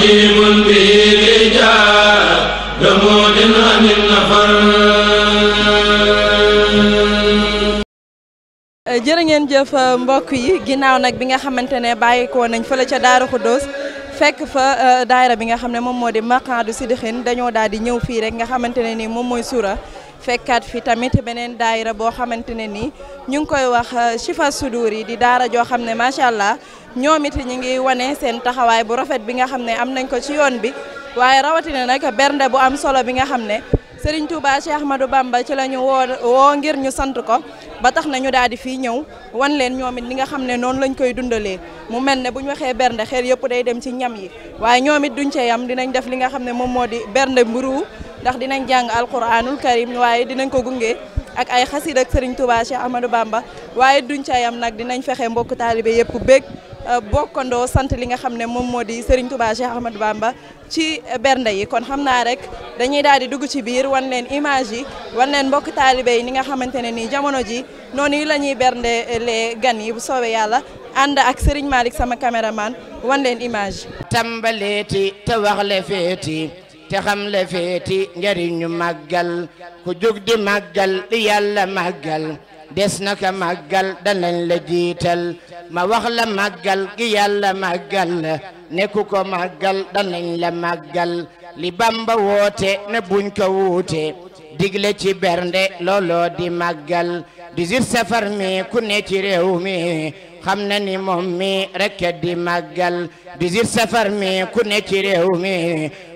رحيم jëfa mbokk yi ginnaaw nag bi nga xamante ne bàyyi ko nañ la ca Daaru dos fekk fa euh, daayira bi nga xam ne moom moo di Maqaadu Sidixin dañoo daal di ñëw fii rek nga xamante ne ni moom mooy suura fekkaat fi tamit beneen daayira boo xamante ne nii ñu ngi koy wax Chifa euh, Sudur yi di daara joo xam ne macha allah ñoom it ñu ngi wane seen taxawaay bu rafet bi nga xam ne am nañ ko ci yoon bi waaye rawatina nag bernde bu am solo bi nga xam ne Serigne Touba Cheikh Ahmadou Bamba ci la ñu woo woo ngir ñu sant ko ba tax na ñu daal di fii ñëw wan leen ñoom it li nga xam ne noonu lañ koy dundalee mu mel ne bu ñu waxee bernde xel yëpp day dem ci ñam yi waaye ñoom it duñ cee yam dinañ def li nga xam ne moom moo di bernde mburu ndax dinañ jàng alquranul karim waaye dinañ ko gunge ak ay xasid ak Serigne Touba Cheikh Bamba waaye duñ ca yam nag dinañ fexe mbokku taalibe yëpp bég euh, bokkandoo sant li nga xam ne moom moo di Serigne Touba Cheikh Bamba ci bernde yi kon xam naa rek dañuy daal di dugg ci biir wan leen image yi wan leen mbokku taalibe yi ni nga xamante ne nii jamono ji noonu yi la ñuy bernde les gan yi bu soobee yàlla ànd ak Serigne Malick sama caméraman wan leen image. tàmbaleeti te wax le te xam la feeti njariñu màggal ku jóg di màggal li yàlla màggal des na ka màggal danañ la jiital ma wax la màggal gi yàlla màggal ne ku ko màggal danañ la màggal li bamba woote ne buñ ko wuute digle ci bernde looloo di màggal safar mi ku ne ci réew mi xam na ni moom mi rek di màggal 18 safar mi ku ne ci réew mi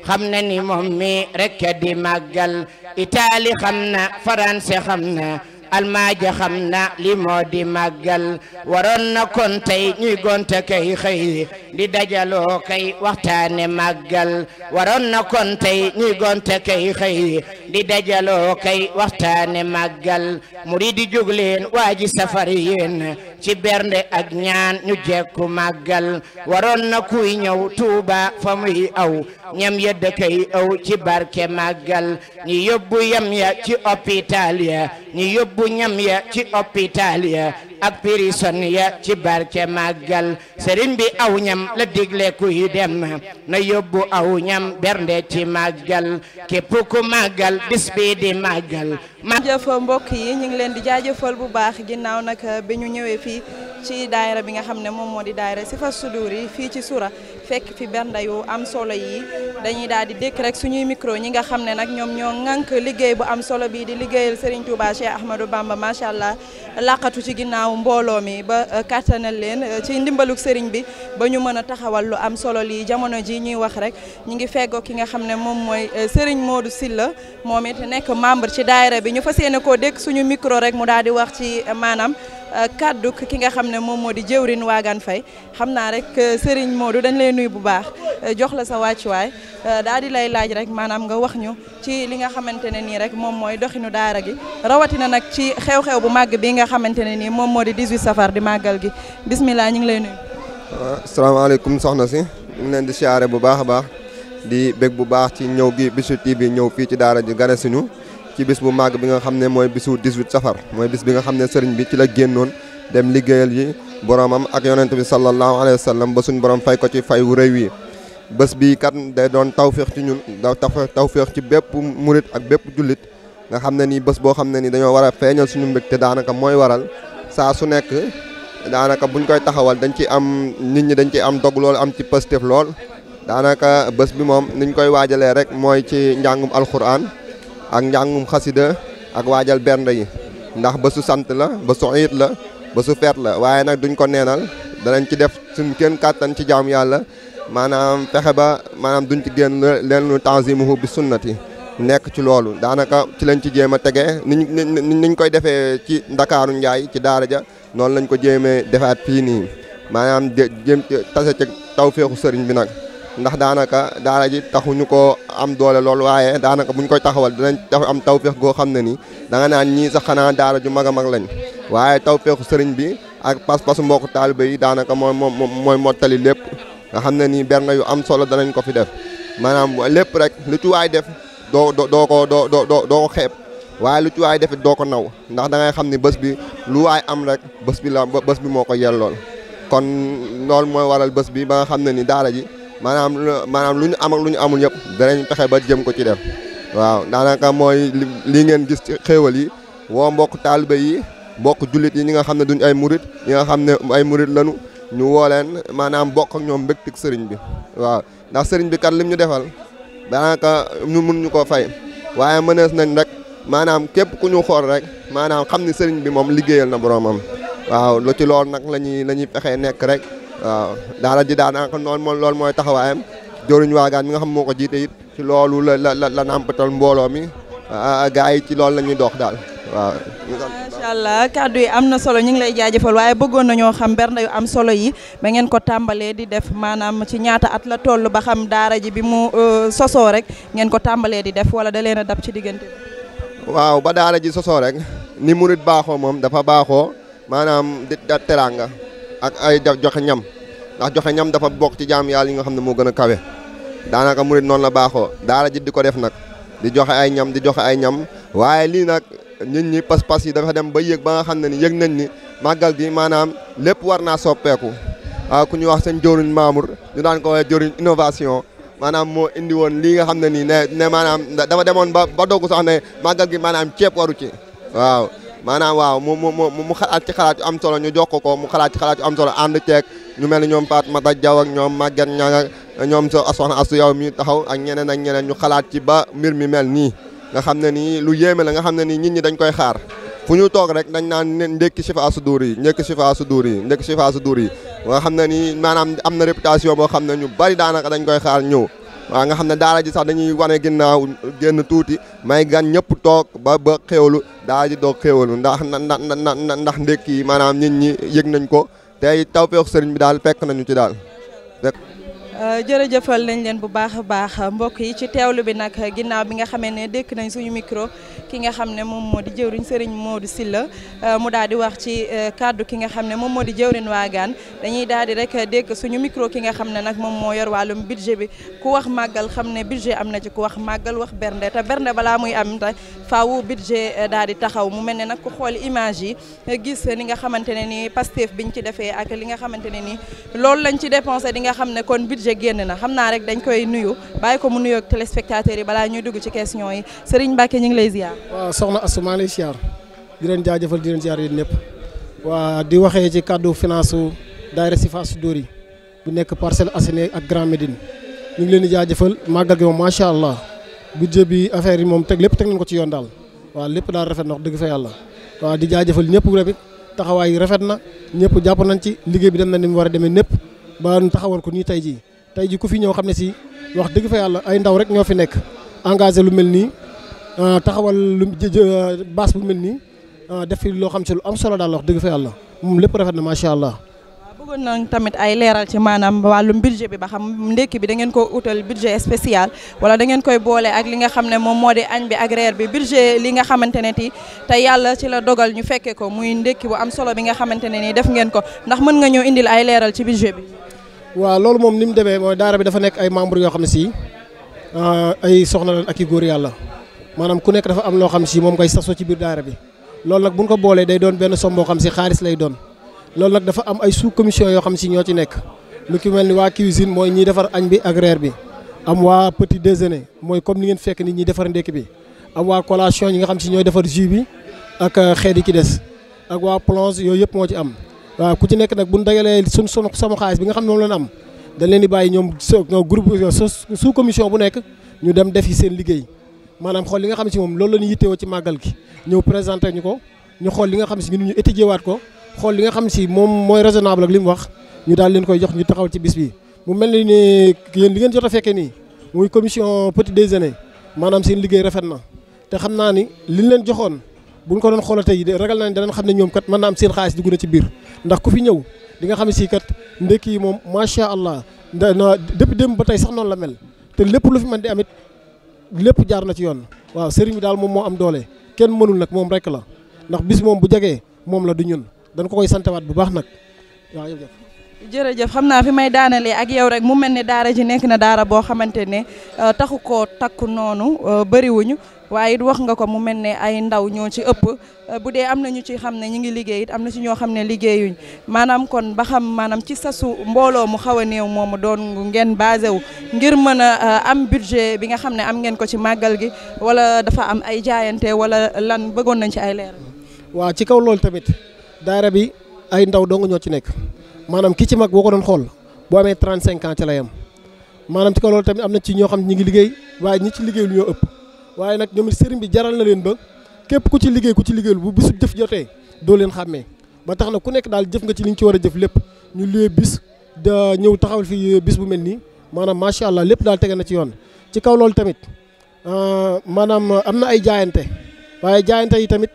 xam na ni moom mi rek di màggal itali xam na Faranse xam na almaaja xam na li moo di màggal waroon na tey ñuy gonte kay xëy di dajaloo kay waxtaane màggal waroon na kon tey kay xëy di dajaloo kay waxtaane màggal murid yi jóg leen waa ji ci bernde ak ñaan ñu jekku màggal waroon kuy ñëw Tuuba fa aw ñam ya dëkkay aw ci barke màggal ñi yóbbu yam ya ci hôpital ya ñi yóbbu ñam ya ci hôpital ya ak pirison ya ci barke màggal sëriñ bi aw ñam la digle kuy dem na yóbbu aw ñam bernde ci màggal képp ku màggal bis bi màggal jëf mbokk yi ñu leen di jaajëfal bu baax ginnaaw nag bi ñu ñëwee fii ci daayira bi nga xam ne moom moo di daayira si fa sudur fii ci sura fekk fi bernda yu am solo yi dañuy daal di dékk rek suñuy micro ñi nga xam ne nag ñoom ñoo ŋànk liggéey bu am solo bii di liggéeyal Serigne Touba Cheikh Ahmadou Bamba macha allah laqatu ci ginnaaw mbooloo mi ba euh, kattanal leen euh, ci ndimbaluk Serigne bi ba ñu mën a taxawal lu am solo lii jamono ji ñuy wax rek ñi ngi feggoo ki nga xam ne moom mooy euh, Serigne Modou Silla moom it nekk membre ci daayira bi ñu fas yéene koo suñu micro rek mu daal di wax ci maanaam Euh, kaddu ki nga xam ne moom moo di jëwrin waagaan fay xam naa rek euh, Serigne Modou dañ lay nuyu bu baax euh, jox la sa wàccuwaay daal di lay laaj rek maanaam nga wax ñu ci li nga xamante ne nii rek moom mooy doxinu daara gi rawatina nag ci xew-xew bu màgg bi nga xamante ne nii moom moo di 18 safar di màggal gi bismillah ñu ngi lay nuyu. asalaamaaleykum soxna si ñu ngi leen di siyaare bu baax a baax di bég bu baax ci ñëw bi Bichri TV ñëw fii ci daara ji gane si ñu ci bis bu màgg bi nga xam ne mooy bisu 18 safar mooy bis bi nga xam ne sëriñ bi ci la génnoon dem liggéeyal yi boromam ak yonent bi sallallahu alayhi wa sallam ba suñu borom fay ko ci fay wu rëy wi bés bii kat day doon tawféex ci ñun da tawféex ci bépp murit ak bépp jullit nga xam ne nii bés boo xam ne ni dañoo war a feeñal suñu te daanaka mooy waral saa su nekk daanaka buñ koy taxawal dañ ci am nit ñi dañ ci am dog lool am ci positif lool daanaka bés bi moom niñ koy waajalee rek mooy ci njàngum alxuraan ak njàngum xasida ak waajal bernde yi ndax ba su sant la ba su iit la ba su feet la waaye nag duñ ko neenal danañ ci def suñ kenn kàttan ci jaam yàlla maanaam pexe ba maanaam duñ ci génn leen lu mu tanzimuhu bi sunnati nekk ci loolu daanaka ci lañ ci jéem a tegee niñ niñ koy defee ci ndakaaru njaay ci daara ja noonu lañ ko jéemee defaat fii nii maanaam jéem tase ci taw tawféexu sëriñ bi nag ndax daanaka daara ji taxuñu ko am doole lool waaye daanaka buñ koy taxawal dinañ dafa am tawféex goo xam ne ni da nga naan ñii sax xanaa daara ju mag a mag lañ waaye tawféexu sëriñ bi ak pas-pasu mbokku taalibe yi daanaka mooy moom mooy mottali lépp nga xam ne nii benn yu am solo danañ ko fi def maanaam lépp rek lu ci def doo doo ko doo doo doo ko xeeb waaye lu ci waay def doo ko naw ndax da xam ni bés bi lu waay am rek bés bi la bës bi moo ko lool kon loolu mooy waral bés bi ba nga ni daara ji maanaam maanaam lu ñu am lu ñu amul yëpp danañ pexe ba jëm ko ci def waaw daanaka mooy li ngeen gis ci xéewal yi woo mbokk taalibe yi mbokk jullit yi ñi nga xam ne duñ ay murit ñi nga xam ne ay murit lanu ñu woo maanaam bokk ak ñoom mbégtig sëriñ bi waaw ndax sëriñ bi kan lim ñu defal daanaka ñu mun ñu ko fay waaye mënees nañ rek maanaam képp ku ñu xool rek maanaam xam ni sëriñ bi moom liggéeyal na boroomam waaw loo ci lool nag la ñuy la ñuy fexee nekk rek waaw daara ji daanaka noonu moom loolu mooy taxawaayam jëruñ waagaan mi nga xam moo ko jiite it ci loolu la la la la nàmpatal mbooloo mi gaa yi ci loolu lañuy doox daal waaw. macha allah kàddu yi am na solo ñu ngi lay jaajëfal waaye bëggoon nañoo xam bernde yu am solo yi ba ngeen ko tàmbalee di def maanaam ci ñaata at la toll ba xam daara ji bi mu sosoo rek ngeen ko tàmbalee di def wala da leen a dab ci diggante waaw ba daara ji sosoo rek ni murit baaxoo moom dafa baaxoo maanaam di da ak ay joxe ñam ndax joxe ñam dafa bokk ci jaam yàlla yi nga xam ne moo gën a kawe daanaka murit noon la baaxoo daara ji di ko def nag di joxe ay ñam di joxe ay ñam waaye lii nag nit ñi pas-pas yi dafa dem ba yëg ba xam ne ni yëg nañ ni màggal gi maanaam lépp war naa soppeeku waaw ah, ku ñuy wax seen jëwriñ Mamour ñu daan ko waxee jëwriñ innovation maanaam moo indi woon lii nga xam ne nii ne ne maanaam dafa demoon ba ba dogg sax ne màggal gi maanaam ceeb waru ci waaw maanaam waaw mu mu mu mu xalaat ci xalaat yu am solo ñu jokk ko mu xalaat ci xalaat yu am solo ànd ceeg ñu mel ni ñoom Fatou Mata Diaw ak ñoom Maguette Niang ak ñoom so soxna Astou yow mi taxaw ak ñeneen ak ñeneen ñu xalaat ci ba mbir mi mel nii nga xam ne nii lu yéeme la nga xam ne nii nit ñi dañ koy xaar fu ñu toog rek dañ naan ndékki Chifa Soudour yi ndékki Chifa Soudour yi ndékki Chifa Soudour yi nga xam ne nii maanaam am na réputation boo xam ne ñu bari daanaka dañ koy xaar ñëw waa nga xam ne daara ji sax dañuy wane ginnaaw génn tuuti may gan ñëpp toog ba ba xéwlu daara ji doog xéwlu ndax ndax ndax ndax ndékk yi maanaam nit ñi yëg nañ ko tey tawfeex sëriñ bi daal fekk nañu ci daal. Euh, jërëjëfal nañ leen bu baax a baax mbokk yi ci teewlu bi nag ginnaaw bi nga xamee ne dékk nañ suñu micro ki nga xam ne moom moo di jëwriñ sëriñ Modou Sylla euh, mu daal di wax ci euh, kàddu ki nga xam ne moom moo di jëwriñ waagaan dañuy daal di rek dégg suñu micro ki nga xam ne nag moom moo yor wàllum budget bi ku wax màggal xam ne budget am na ci ku wax màggal wax bernde te bernde balaa muy am te faawu budget daal di taxaw mu mel ne nag ku xool image yi gis ni nga xamante ne ni Pastef biñ ci defee ak li nga xamante ne ni loolu budget génn na xam naa rek dañ koy nuyu bàyyi ko mu nuyoo ak téléspectateurs yi balaa ñuy dugg ci question yi Serigne Mbacke ñu ngi lay ziar. waaw soxna Astou maa lay ziar di leen jaajëfal di leen ziar yéen ñëpp waa di waxee ci kàddu finance daayira Sifa Sudoor yi bu nekk Parcelles Assainies ak Grand Médine ñu ngi leen di jëfal màggal gi moom macha allah budget bi affaire yi moom teg lépp teg nañ ko ci yoon daal waaw lépp daal rafet na wax dëgg fa yàlla waaw di jaajëfal ñëpp rek taxawaay rafet na ñëpp jàpp nañ ci liggéey bi dem na ni mu war a demee ñëpp taxawal ko nii tey jii tey ji ku fi ñëw xam ne si wax dëgg fa yàlla ay ndaw rek ñoo fi nekk engagé lu mel nii euh, taxawal lu baas bu mel nii euh, def fi loo xam si lu am solo daal wax dëgg fa yàlla moom lépp rafet na macha allah. bëggoon nañ tamit ay leeral ci maanaam wàllum budget bi ba xam ndekki bi da ko utal budget spécial wala da ngeen koy boole ak li nga xam ne moom moo de añ bi ak reer bi budget li nga xamante ne ti te yàlla ci la dogal ñu fekkee ko muy ndekki bu am solo bi nga xamante ne nii def ngeen ko ndax mën nga ñëw indil ay leeral ci budget bi. waaw loolu moom ni mu demee mooy daara bi dafa nekk ay membres yoo xam ne si ah, ay soxna lan ak i góor yàlla maanaam ku nekk dafa am loo xam si moom ngay saso ci biir daara bi loolu nag bu ñu ko boolee day doon benn somme xam si xaalis lay doon loolu nag dafa am ay sous commission yoo xam si ñoo ci nekk lu ki mel ni waa cuisine mooy ñiy defar añ bi ak reer bi am waa petit mooy comme ni ngeen fekk nit ñi defar ndékki bi am waa collation ñi nga xam si ñooy defar jus bi ak euh, xeet yi ci des ak waa plonge yooyu yëpp moo ci am waaw ku ci nekk nag bu ñu dajalee suñ sunu sama xaalis bi nga xam ne moom la ñu am dañ leen di bàyyi ñoom groupe sous commission bu nekk ñu dem def defi seen liggéey maanaam xool li nga xam si moom lool la ñu yittewoo ci màggal gi ñëw présenté ñu li nga xam si ñun ñu étudier waat ko xool li nga xam si moom mooy raisonnable ak li mu wax ñu daal leen koy jox ñu taxaw ci bis bi mu mel ni ne yéen li ngeen jot a fekkee nii muy commission petit déjeuner maanaam seen liggéey rafet na te xam naa ni liñ leen joxoon buñ ko doon xoola xaalis dugg na ci biir ndax ku fi ñëw di nga xam ne si kat ndekki yi moom macha allah na depuis démb ba tey sax noonu la mel te lépp lu fi man di amit lépp jaar na ci yoon waaw sëriñ bi daal moom moo am doole kenn mënul nag moom rek la ndax bis moom bu jagee moom la du ñun dañ ko koy santewaat bu baax nag waaw jërëjëf jërëjëf xam naa fi may daanalee ak yow rek mu mel ni daara ji nekk na daara boo xamante ne euh, taxu ko takk noonu euh, bëriwuñu waaye it wax nga ko mu mel ni ay ndaw ñoo ci ëpp euh, bu dee am na ñu ci xam ne ñu ngi liggéey am na ci ñoo xam ne liggéeyuñ maanaam kon ba xam maanaam ci sasu mbooloo mu xaw a néew moomu doon ngeen basé wu ngir mën a am budget bi nga xam ne am ngeen ko ci màggal gi wala dafa am ay jaayante wala lan bëggoon nañ ci ay leer. waa ci kaw loolu tamit daara bi ay ndaw dong ñoo ci nekk. maanaam kii ci mag boo ko doon xool boo amee 35 ans am maanaam ci kaw loolu tamit am na ci ñoo xam ne ñu ngi liggéey waaye ñi ci liggéey lu ñoo nag ñoom sëriñ bi jaral na leen ba képp ku ci liggéey ku ci liggéeyul bu bisu jëf jotee doo leen xàmmee ba tax na ku nekk daal jëf nga ci li ci war a jëf lépp ñu bis ñëw taxawal fi bis bu mel nii maanaam macha allah lépp daal tege na ci yoon ci kaw loolu tamit ah, maanaam am na ay jaayante waaye jaayante yi tamit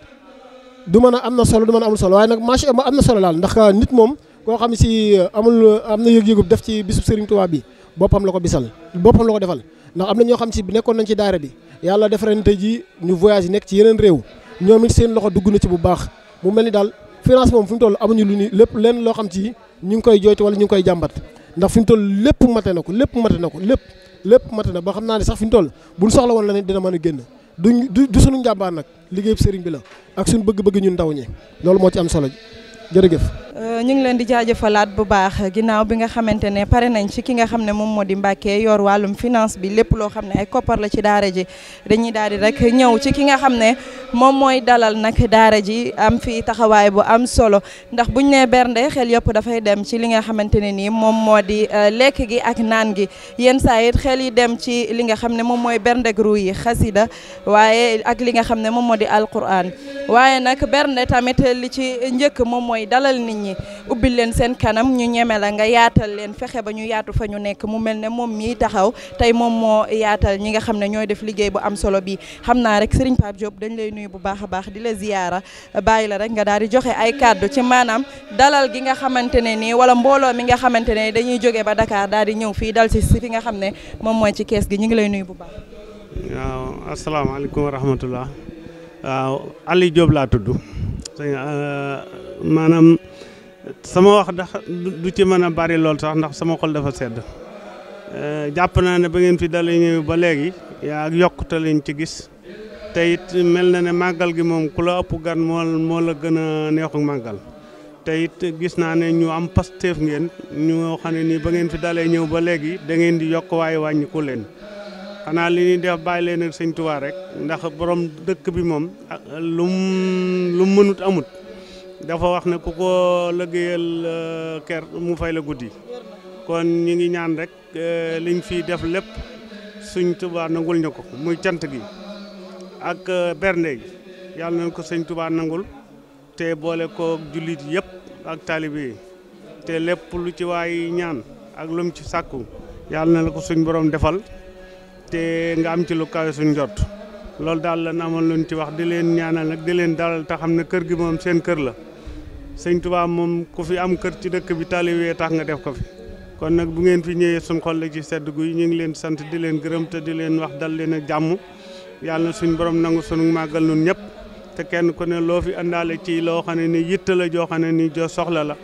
du mën a am na solo du mën a amul solo waaye nag macha ma am na solo daal ndax nit moom koo xam si euh, amul euh, am na yëg-yëgub def ci bisub sëriñ Touba bi boppam la ko bisal boppam la ko defal ndax am na ñoo xam si nekkoon nañ ci daara bi yàlla def ren tey ji ñu voyage yi nekk ci yeneen réew ñoom it seen loxo dugg na ci bu baax mu mel ni daal finance moom fi mu toll amuñu lu ni lépp lenn loo xam ci ñu ngi koy jooytu wala ñu ngi koy jàmbat ndax fi mu toll lépp mate na ko lépp mate na ko lépp lépp mate na ba xam naa ne sax fi ñu toll buñ soxla woon dina mën a génn duñ du du suñu njàmbaar nag liggéeyub sëriñ bi la ak suñu bëgg-bëgg ñun ndaw ñi loolu moo ci am solo jërëjëf Euh, ñu ngi leen di jaajëfalaat bu baax ginnaaw bi nga xamante ne pare nañ ci ki nga xam ne moom moo di Mbàkke yor wàllum finance bi lépp loo xam ne ay koppar la ci daara ji dañuy daal di rek ñëw ci ki nga xam ne moom mooy dalal nag daara ji am fii taxawaay bu am solo ndax buñ nee bernde xel yëpp dafay dem ci li nga xamante ne nii moom moo di euh, lekk gi ak naan gi yenn saa it xel yi dem ci li nga xam ne moom mooy bernde ru yi xasida waaye ak li nga xam ne moom moo di alquran waaye nag bernde tamit li ci njëkk moom mooy dalal nit ñi ñi ubbil leen seen kanam ñu ñeme la nga yaatal leen fexe ba ñu yaatu fa ñu nekk mu mel ne moom mii taxaw tey moom moo yaatal ñi nga xam ne ñooy def liggéey bu am solo bi xam naa rek Serigne Pape Diop dañ lay nuyu bu baax a baax di la ziyaara bàyyi la rek nga daal di joxe ay kàddu ci maanaam dalal gi nga xamante ne nii wala mbooloo mi nga xamante ne dañuy jóge ba dakaar daal di ñëw fii dal si si fi nga xam ne moom mooy ci kees gi ñu ngi lay nuyu bu baax. waaw asalaamaaleykum wa rahmatullah waaw Aliou Diop laa tudd euh, sama wax ndax du ci mën a bari lool sax ndax sama xol dafa sedd eh, jàpp naa ne ba ngeen fi dalee ñëw ba léegi yaa ak yokkute lañ ci gis te mel na ne màggal gi moom ku la ëpp gan moo la gën a neexul màggal te gis naa ne ñu am pasteef ngeen ñu xam ne nii ba ngeen fi dalee ñëw ba léegi dangeen di yokk waay wàññiku leen xanaa li ñuy def bàyyi leen ak sëñ Tuubaa rek ndax borom dëkk bi moom lu mu mënut amut dafa wax na ku ko lëggéeyal euh, ker mu fay la guddi kon ñu ngi ñaan rek euh, liñ fi def lépp suñ tubaa nangul ñu ko muy cant gi ak euh, bernde gi yàlla nañ ko sëñ tubaa nangul te boole ko jullit yépp ak taalibe te lépp lu ci waay ñaan ak lu mu ci sàkku yàlla na la ko suñ borom defal te nga am ci lu kawe suñ jot loolu daal la amoon luñ ci wax di leen ñaanal nag di leen dalal te xam ne kër gi moom seen kër la sëñ Tuubaa moom ku fi am kër ci dëkk bi taalibe tax nga def ko fi kon nag bu ngeen fi ñëwee suñ xol la ci sedd guy ñu ngi leen sant di leen gërëm te di leen wax dal leen ak jàmm yàlla suñ borom nangu sunu màggal nun ñëpp te kenn ku ne loo fi àndaale ci loo xam ne ni yitte la joo xam ne nii joo soxla la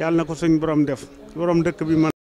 yàlla na ko suñ borom def borom dëkk bi